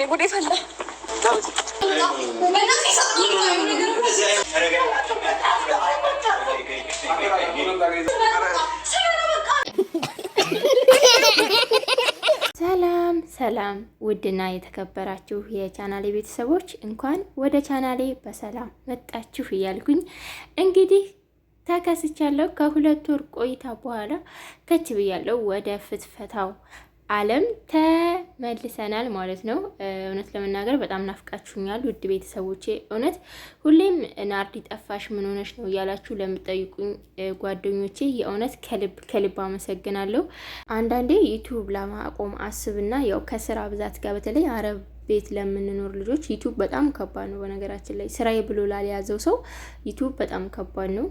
ወይኔ ጉዴ ፈላ። ሰላም ሰላም፣ ውድና የተከበራችሁ የቻናሌ ቤተሰቦች እንኳን ወደ ቻናሌ በሰላም መጣችሁ እያልኩኝ እንግዲህ ተከስቻለሁ። ከሁለት ወር ቆይታ በኋላ ከች ብያለሁ ወደ ፍትፈታው ዓለም ተመልሰናል ማለት ነው። እውነት ለመናገር በጣም ናፍቃችሁኛል ውድ ቤተሰቦቼ። እውነት ሁሌም ናርዲ ጠፋሽ ምን ሆነሽ ነው እያላችሁ ለምጠይቁኝ ጓደኞቼ የእውነት ከልብ ከልብ አመሰግናለሁ። አንዳንዴ ዩቱብ ለማቆም አስብና ያው ከስራ ብዛት ጋር በተለይ አረብ ቤት ለምንኖር ልጆች ዩቱብ በጣም ከባድ ነው። በነገራችን ላይ ስራዬ ብሎ ላልያዘው ሰው ዩቱብ በጣም ከባድ ነው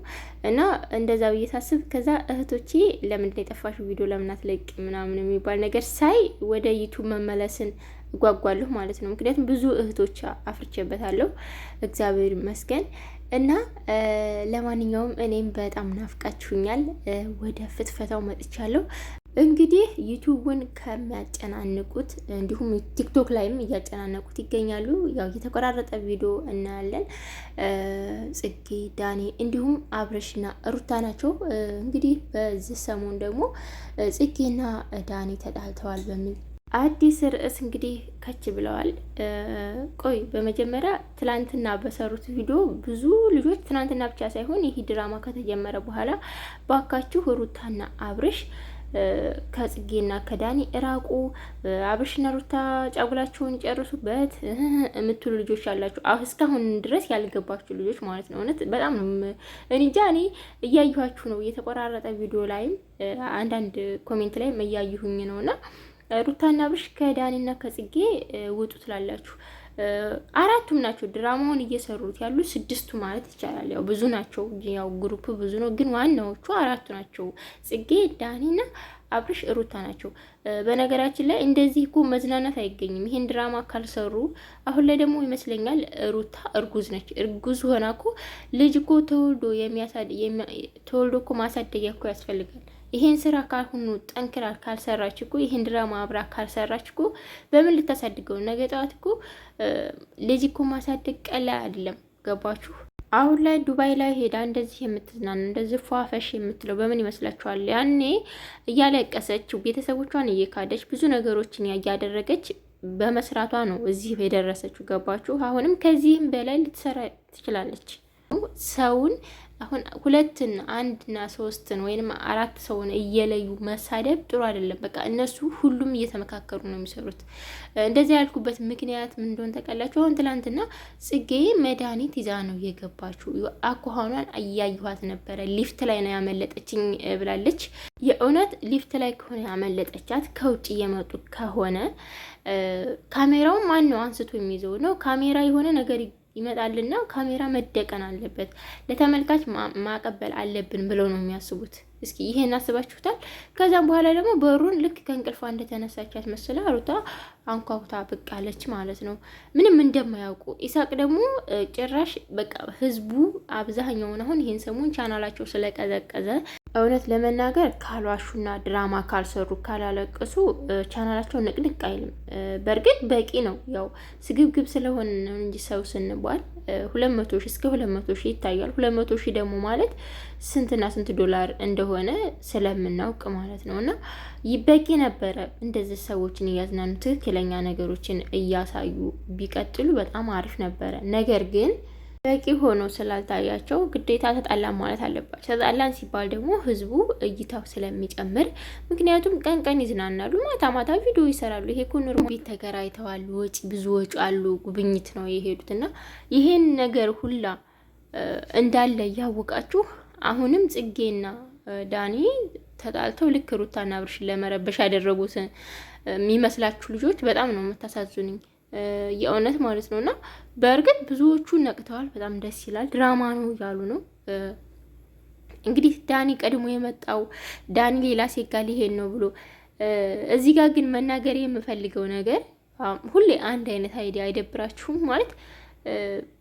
እና እንደዛ ብዬ ሳስብ ከዛ እህቶቼ ለምንድነው የጠፋሽ ቪዲዮ ለምን አትለቂ ምናምን የሚባል ነገር ሳይ ወደ ዩቱብ መመለስን እጓጓለሁ ማለት ነው። ምክንያቱም ብዙ እህቶች አፍርቼበታለሁ እግዚአብሔር ይመስገን። እና ለማንኛውም እኔም በጣም ናፍቃችሁኛል፣ ወደ ፍትፈታው መጥቻለሁ። እንግዲህ ዩቱብን ከሚያጨናንቁት እንዲሁም ቲክቶክ ላይም እያጨናነቁት ይገኛሉ። ያው የተቆራረጠ ቪዲዮ እናያለን። ጽጌ ዳኔ፣ እንዲሁም አብረሽና ሩታ ናቸው። እንግዲህ በዚህ ሰሞን ደግሞ ጽጌና ዳኔ ተጣልተዋል በሚል አዲስ ርዕስ እንግዲህ ከች ብለዋል። ቆይ በመጀመሪያ ትናንትና በሰሩት ቪዲዮ ብዙ ልጆች ትናንትና ብቻ ሳይሆን ይህ ድራማ ከተጀመረ በኋላ ባካችሁ ሩታና አብረሽ ከጽጌና ከዳኒ እራቁ፣ አብርሽና ሩታ ጫጉላችሁን ጨርሱበት የምትሉ ልጆች አላችሁ። እስካሁን ድረስ ያልገባችሁ ልጆች ማለት ነው። እውነት በጣም ነው እኔ እንጃ። እኔ እያየኋችሁ ነው፣ የተቆራረጠ ቪዲዮ ላይም አንዳንድ ኮሜንት ላይም እያየሁኝ ነው። እና ሩታና አብርሽ ከዳኒና ከጽጌ ውጡ ትላላችሁ። አራቱም ናቸው ድራማውን እየሰሩት ያሉ ስድስቱ ማለት ይቻላል። ያው ብዙ ናቸው፣ ያው ግሩፕ ብዙ ነው፣ ግን ዋናዎቹ አራቱ ናቸው። ጽጌ፣ ዳኒና አብርሽ ሩታ ናቸው። በነገራችን ላይ እንደዚህ እኮ መዝናናት አይገኝም፣ ይሄን ድራማ ካልሰሩ። አሁን ላይ ደግሞ ይመስለኛል ሩታ እርጉዝ ነች። እርጉዝ ሆና እኮ ልጅ እኮ ተወልዶ ተወልዶ እኮ ማሳደጊያ እኮ ያስፈልጋል። ይሄን ስራ ካልሆኑ ጠንክራ ካልሰራች እኮ ይሄን ድራማ አብራ ካልሰራች እኮ በምን ልታሳድገው? ነገ ጠዋት እኮ ልጅ እኮ ማሳደግ ቀላል አይደለም። ገባችሁ? አሁን ላይ ዱባይ ላይ ሄዳ እንደዚህ የምትዝናን እንደዚህ ፏፈሽ የምትለው በምን ይመስላችኋል? ያኔ እያለቀሰች ቤተሰቦቿን እየካደች ብዙ ነገሮችን እያደረገች በመስራቷ ነው እዚህ የደረሰችው። ገባችሁ? አሁንም ከዚህም በላይ ልትሰራ ትችላለች። ሰውን አሁን ሁለትን አንድና ሶስትን ወይም አራት ሰውን እየለዩ መሳደብ ጥሩ አይደለም። በቃ እነሱ ሁሉም እየተመካከሩ ነው የሚሰሩት። እንደዚህ ያልኩበት ምክንያት ምን እንደሆነ ታውቃላችሁ? አሁን ትላንትና ጽጌ መድኃኒት ይዛ ነው የገባችሁ። አኳኋኗን እያየኋት ነበረ። ሊፍት ላይ ነው ያመለጠችኝ ብላለች። የእውነት ሊፍት ላይ ከሆነ ያመለጠቻት ከውጭ እየመጡ ከሆነ ካሜራውን ማን ነው አንስቶ የሚይዘው ነው? ካሜራ የሆነ ነገር ይመጣልና ካሜራ መደቀን አለበት፣ ለተመልካች ማቀበል አለብን ብለው ነው የሚያስቡት። እስኪ ይሄን አስባችሁታል? ከዛም በኋላ ደግሞ በሩን ልክ ከእንቅልፏ እንደተነሳች አስመስላ ሩታ አንኳኩታ ብቅ አለች ማለት ነው፣ ምንም እንደማያውቁ። ኢሳቅ ደግሞ ጭራሽ በቃ ህዝቡ አብዛኛውን አሁን ይህን ሰሞን ቻናላቸው ስለቀዘቀዘ እውነት ለመናገር ካልዋሹና ድራማ ካልሰሩ ካላለቀሱ ቻናላቸው ንቅንቅ አይልም። በእርግጥ በቂ ነው ያው ስግብግብ ስለሆነ ነው እንጂ ሰው ስንባል ሁለት መቶ ሺህ እስከ ሁለት መቶ ሺህ ይታያል። ሁለት መቶ ሺህ ደግሞ ማለት ስንትና ስንት ዶላር እንደሆነ እንደሆነ ስለምናውቅ ማለት ነው። እና በቂ ነበረ እንደዚህ ሰዎችን እያዝናኑ ትክክለኛ ነገሮችን እያሳዩ ቢቀጥሉ በጣም አሪፍ ነበረ። ነገር ግን በቂ ሆኖ ስላልታያቸው ግዴታ ተጣላን ማለት አለባቸው። ተጣላን ሲባል ደግሞ ህዝቡ እይታው ስለሚጨምር፣ ምክንያቱም ቀን ቀን ይዝናናሉ፣ ማታ ማታ ቪዲዮ ይሰራሉ። ይሄ እኮ ቤት ተከራይተዋል፣ ወጪ ብዙ ወጪ አሉ፣ ጉብኝት ነው የሄዱት እና ይሄን ነገር ሁላ እንዳለ እያወቃችሁ አሁንም ጽጌና ዳኒ ተጣልተው ልክ ሩታና ብርሽን ለመረበሽ ያደረጉት የሚመስላችሁ ልጆች በጣም ነው የምታሳዝኑኝ፣ የእውነት ማለት ነው። እና በእርግጥ ብዙዎቹ ነቅተዋል። በጣም ደስ ይላል። ድራማ ነው እያሉ ነው እንግዲህ ዳኒ ቀድሞ የመጣው ዳኒ ሌላ ሴት ጋር ሊሄድ ነው ብሎ እዚህ ጋር ግን መናገር የምፈልገው ነገር ሁሌ አንድ አይነት አይዲያ አይደብራችሁም? ማለት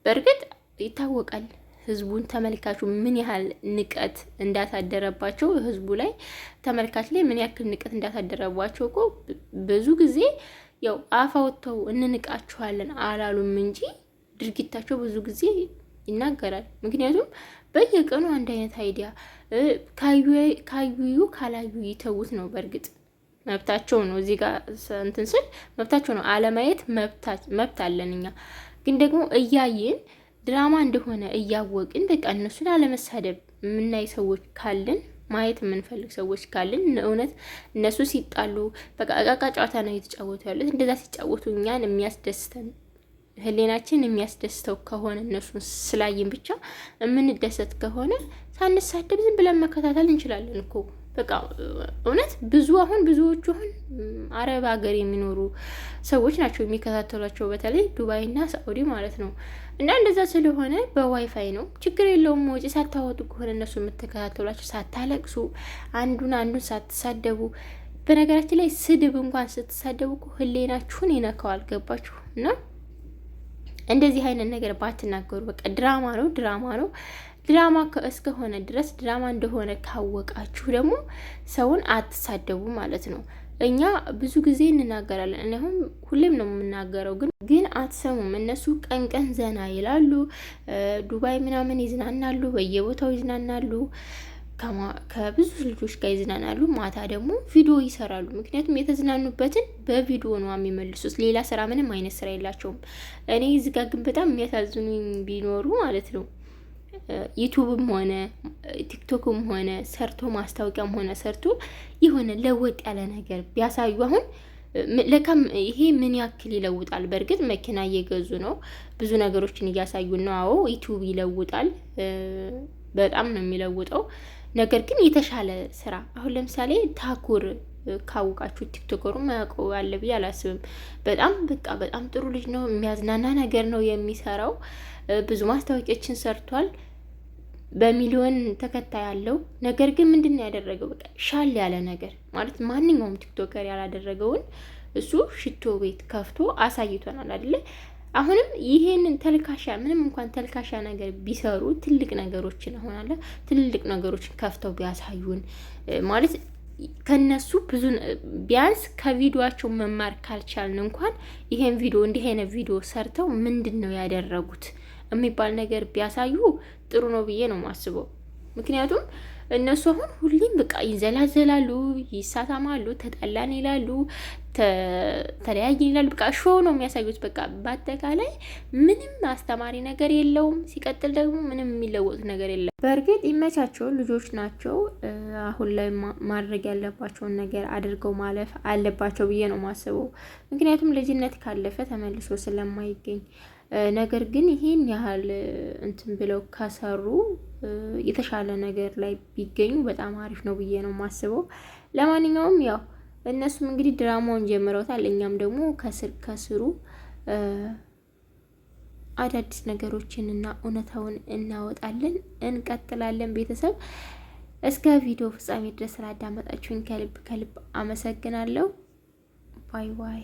በእርግጥ ይታወቃል ህዝቡን ተመልካቹ ምን ያህል ንቀት እንዳሳደረባቸው ህዝቡ ላይ ተመልካች ላይ ምን ያክል ንቀት እንዳሳደረባቸው እኮ ብዙ ጊዜ ያው አፋውተው እንንቃችኋለን አላሉም እንጂ ድርጊታቸው ብዙ ጊዜ ይናገራል። ምክንያቱም በየቀኑ አንድ አይነት አይዲያ ካዩዩ ካላዩ ይተዉት ነው። በእርግጥ መብታቸው ነው። እዚህ ጋር እንትን ስል መብታቸው ነው። አለማየት መብት አለን እኛ ግን ደግሞ እያየን ድራማ እንደሆነ እያወቅን በቃ እነሱን አለመሳደብ የምናይ ሰዎች ካለን ማየት የምንፈልግ ሰዎች ካለን እውነት እነሱ ሲጣሉ በቃ እቃቃ ጨዋታ ነው እየተጫወቱ ያሉት። እንደዛ ሲጫወቱ እኛን የሚያስደስተን ህሌናችን የሚያስደስተው ከሆነ እነሱን ስላይን ብቻ የምንደሰት ከሆነ ሳንሳደብ ዝም ብለን መከታተል እንችላለን እኮ። በቃ እውነት ብዙ አሁን ብዙዎቹ አሁን አረብ ሀገር የሚኖሩ ሰዎች ናቸው የሚከታተሏቸው፣ በተለይ ዱባይና ሳዑዲ ማለት ነው። እና እንደዛ ስለሆነ በዋይፋይ ነው ችግር የለውም። ወጪ ሳታወጡ ከሆነ እነሱ የምትከታተሏቸው ሳታለቅሱ፣ አንዱን አንዱን ሳትሳደቡ በነገራችን ላይ ስድብ እንኳን ስትሳደቡ ህሌናችሁን ይነካዋል። ገባችሁ? እና እንደዚህ አይነት ነገር ባትናገሩ። በቃ ድራማ ነው ድራማ ነው። ድራማ እስከሆነ ድረስ ድራማ እንደሆነ ካወቃችሁ ደግሞ ሰውን አትሳደቡ ማለት ነው። እኛ ብዙ ጊዜ እንናገራለን። እኔ አሁን ሁሌም ነው የምናገረው፣ ግን ግን አትሰሙም። እነሱ ቀን ቀን ዘና ይላሉ፣ ዱባይ ምናምን ይዝናናሉ፣ በየቦታው ይዝናናሉ፣ ከብዙ ልጆች ጋር ይዝናናሉ። ማታ ደግሞ ቪዲዮ ይሰራሉ። ምክንያቱም የተዝናኑበትን በቪዲዮ ነው የሚመልሱት። ሌላ ስራ ምንም አይነት ስራ የላቸውም። እኔ እዚህ ግን በጣም የሚያሳዝኑኝ ቢኖሩ ማለት ነው ዩቱብም ሆነ ቲክቶክም ሆነ ሰርቶ ማስታወቂያም ሆነ ሰርቶ የሆነ ለወጥ ያለ ነገር ቢያሳዩ አሁን ለካም ይሄ ምን ያክል ይለውጣል? በእርግጥ መኪና እየገዙ ነው፣ ብዙ ነገሮችን እያሳዩ ነው። አዎ ዩቱብ ይለውጣል፣ በጣም ነው የሚለውጠው። ነገር ግን የተሻለ ስራ አሁን ለምሳሌ ታኩር ካወቃችሁ ቲክቶከሩ ማያውቀ አለ ብዬ አላስብም። በጣም በቃ በጣም ጥሩ ልጅ ነው። የሚያዝናና ነገር ነው የሚሰራው። ብዙ ማስታወቂያችን ሰርቷል። በሚሊዮን ተከታይ ያለው ነገር ግን ምንድን ነው ያደረገው? በቃ ሻል ያለ ነገር ማለት ማንኛውም ቲክቶከር ያላደረገውን እሱ ሽቶ ቤት ከፍቶ አሳይቶናል አይደለ? አሁንም ይሄንን ተልካሻ ምንም እንኳን ተልካሻ ነገር ቢሰሩ ትልቅ ነገሮችን ሆናለ ትልልቅ ነገሮችን ከፍተው ቢያሳዩን ማለት ከነሱ ብዙ ቢያንስ ከቪዲዮቸው መማር ካልቻልን እንኳን ይሄን ቪዲዮ እንዲህ አይነት ቪዲዮ ሰርተው ምንድን ነው ያደረጉት የሚባል ነገር ቢያሳዩ ጥሩ ነው ብዬ ነው ማስበው። ምክንያቱም እነሱ አሁን ሁሌም በቃ ይንዘላዘላሉ፣ ይሳሳማሉ፣ ተጣላን ይላሉ፣ ተለያይን ይላሉ። በቃ ሾ ነው የሚያሳዩት። በቃ በአጠቃላይ ምንም አስተማሪ ነገር የለውም። ሲቀጥል ደግሞ ምንም የሚለወጥ ነገር የለም። በእርግጥ ይመቻቸው፣ ልጆች ናቸው። አሁን ላይ ማድረግ ያለባቸውን ነገር አድርገው ማለፍ አለባቸው ብዬ ነው ማስበው። ምክንያቱም ልጅነት ካለፈ ተመልሶ ስለማይገኝ ነገር ግን ይሄን ያህል እንትን ብለው ከሰሩ የተሻለ ነገር ላይ ቢገኙ በጣም አሪፍ ነው ብዬ ነው የማስበው። ለማንኛውም ያው እነሱም እንግዲህ ድራማውን ጀምረውታል፣ እኛም ደግሞ ከስር ከስሩ አዳዲስ ነገሮችን እና እውነታውን እናወጣለን። እንቀጥላለን ቤተሰብ እስከ ቪዲዮ ፍጻሜ ድረስ ስላዳመጣችሁኝ ከልብ ከልብ አመሰግናለሁ። ባይ ባይ።